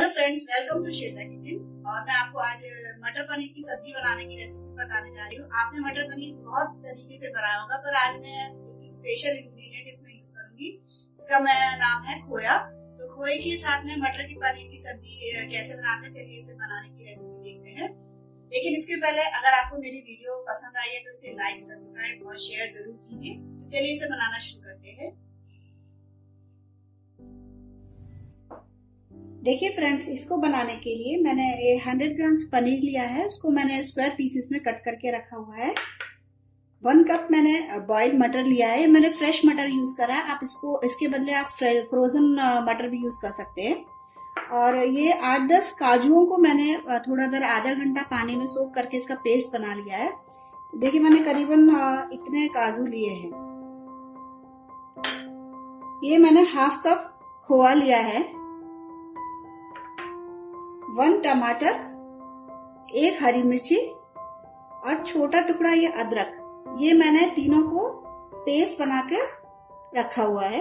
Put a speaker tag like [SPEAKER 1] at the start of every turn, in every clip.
[SPEAKER 1] hello friends welcome to Shweta kitchen और मैं आपको आज मटर पनीर की सब्जी बनाने की रेसिपी बताने जा रही हूँ आपने मटर पनीर बहुत तरीके से बनाया होगा पर आज मैं स्पेशल इंग्रेडिएंट इसमें यूज करूंगी इसका मैं नाम है खोया तो खोए के साथ में मटर की पनीर की सब्जी कैसे बनाते हैं चलिए इसे बनाने की रेसिपी देखते हैं लेकिन इसके पहले अगर आपको मेरी वीडियो पसंद आई है तो इसे लाइक सब्सक्राइब और शेयर जरूर कीजिए तो चलिए इसे बनाना शुरू देखिए फ्रेंड्स इसको बनाने के लिए मैंने ये हंड्रेड ग्राम्स पनीर लिया है उसको मैंने स्क्वायर पीसेस में कट करके रखा हुआ है वन कप मैंने बॉइल्ड मटर लिया है मैंने फ्रेश मटर यूज करा है आप इसको इसके बदले आप फ्रोजन मटर भी यूज कर सकते हैं और ये आठ दस काजुओं को मैंने थोड़ा देर आधा घंटा पानी में सोख करके इसका पेस्ट बना लिया है देखिए मैंने करीबन इतने काजू लिए हैं ये मैंने हाफ कप खोआ लिया है वन टमाटर एक हरी मिर्ची और छोटा टुकड़ा ये अदरक ये मैंने तीनों को पेस्ट बना के रखा हुआ है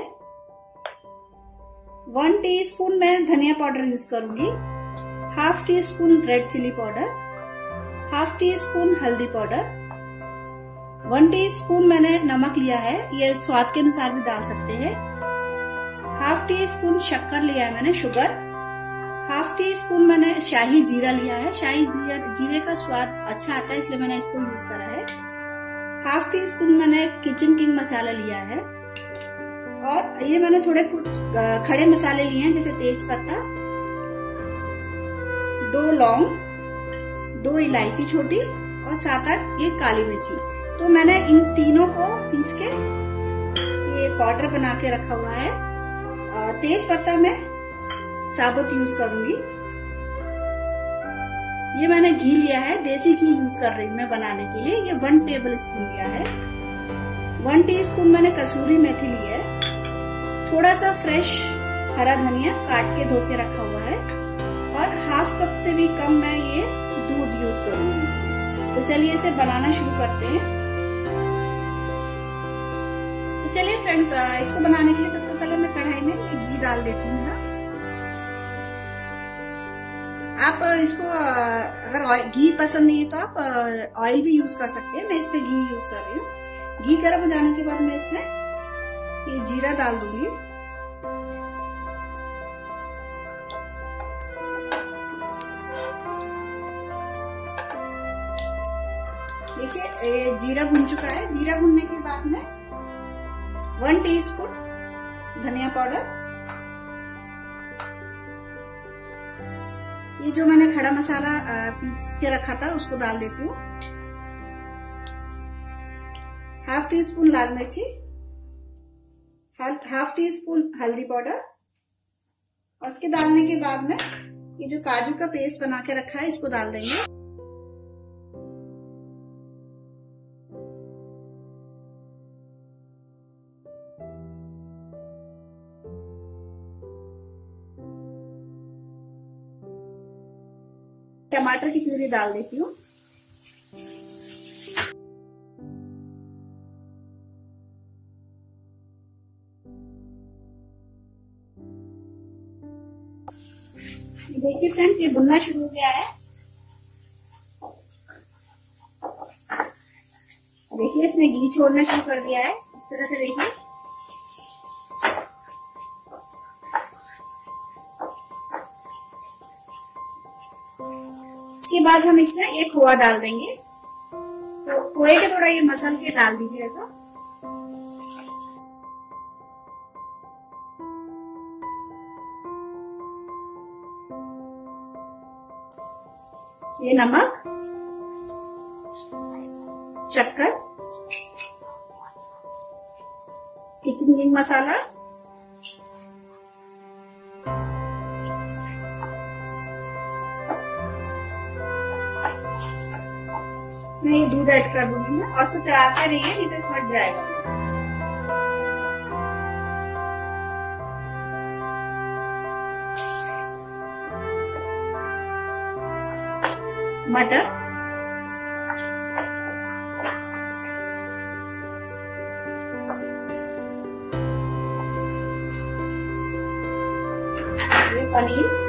[SPEAKER 1] वन टीस्पून मैं धनिया पाउडर यूज करूंगी half teaspoon red chilli powder half teaspoon हल्दी पाउडर वन टी स्पून मैंने नमक लिया है ये स्वाद के अनुसार भी डाल सकते हैं हाफ टी स्पून शक्कर लिया है मैंने शुगर हाफ टी स्पून मैंने शाही जीरा लिया है शाही जीरा जीरे का स्वाद अच्छा आता है इसलिए मैंने इसको यूज करा है हाफ टी स्पून मैंने किचन किंग मसाला लिया है और ये मैंने थोड़े कुछ खड़े मसाले लिए हैं जैसे तेज पत्ता दो लौंग दो इलायची छोटी और सात आठ ये काली मिर्ची तो मैंने इन तीनों को पीस के ये पाउडर बना के रखा हुआ है तेज पत्ता में साबुत यूज करूंगी ये मैंने घी लिया है देसी घी यूज कर रही हूँ मैं बनाने के लिए ये वन टेबल स्पून लिया है वन टीस्पून मैंने कसूरी मेथी लिया है थोड़ा सा फ्रेश हरा धनिया काट के धो के रखा हुआ है और हाफ कप से भी कम मैं ये दूध यूज करूंगी तो चलिए इसे बनाना शुरू करते हैं तो चलिए फ्रेंड्स इसको बनाने के लिए सबसे पहले मैं कढ़ाई में घी डाल देती हूँ आप इसको अगर घी पसंद नहीं है तो आप ऑयल भी यूज कर सकते हैं मैं इस पे घी यूज कर रही हूँ घी गर्म हो जाने के बाद मैं इसमें ये जीरा डाल दूंगी देखिए ये जीरा भुन चुका है जीरा भुनने के बाद में वन टीस्पून धनिया पाउडर ये जो मैंने खड़ा मसाला पीस के रखा था उसको डाल देती हूँ हाफ टी स्पून लाल मिर्ची हाफ टी स्पून हल्दी पाउडर और उसके डालने के बाद में ये जो काजू का पेस्ट बना के रखा है इसको डाल देंगे टमाटर की प्यूरी डाल देती हूँ देखिए फ्रेंड ये भुनना शुरू हो गया है देखिए इसने घी छोड़ना शुरू कर दिया है इस तरह से देखिए इसके बाद हम इसमें एक खोआ डाल देंगे तो खोए के थोड़ा ये मसल के डाल दीजिए ऐसा ये नमक शक्कर किचन मसाला इसमें ये दूध ऐड कर दूंगी मैं और उसको चलाते रहिए नहीं तो फट जाएगा मटर पनीर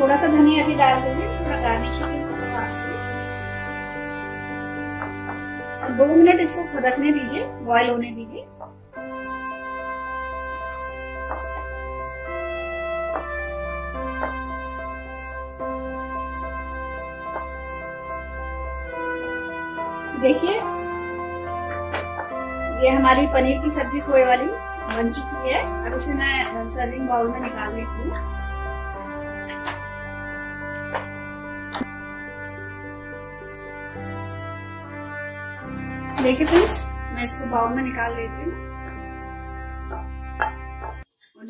[SPEAKER 1] थोड़ा सा धनिया भी डाल दूंगी थोड़ा गार्निश दो मिनट इसको खड़कने दीजिए बॉयल होने दीजिए देखिए ये हमारी पनीर की सब्जी खोए वाली बन चुकी है अब इसे मैं सर्विंग बाउल में निकाल लेती हूँ देखिए फ्रेंड्स मैं इसको बाउल में निकाल लेती हूँ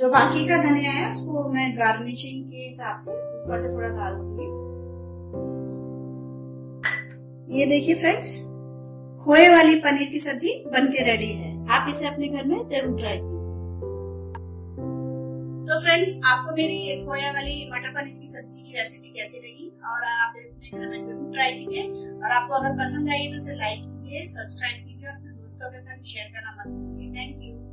[SPEAKER 1] जो बाकी का धनिया है उसको मैं गार्निशिंग के हिसाब से ऊपर से थोड़ा डाल दूंगी ये देखिए फ्रेंड्स खोए वाली पनीर की सब्जी बन के रेडी है आप इसे अपने घर में जरूर ट्राई तो फ्रेंड्स आपको मेरी खोया वाली मटर पनीर की सब्जी की रेसिपी कैसी लगी और आप अपने घर में जरूर ट्राई कीजिए और आपको अगर पसंद आई तो उसे लाइक कीजिए सब्सक्राइब कीजिए और अपने दोस्तों के साथ शेयर करना मत भूलिए थैंक यू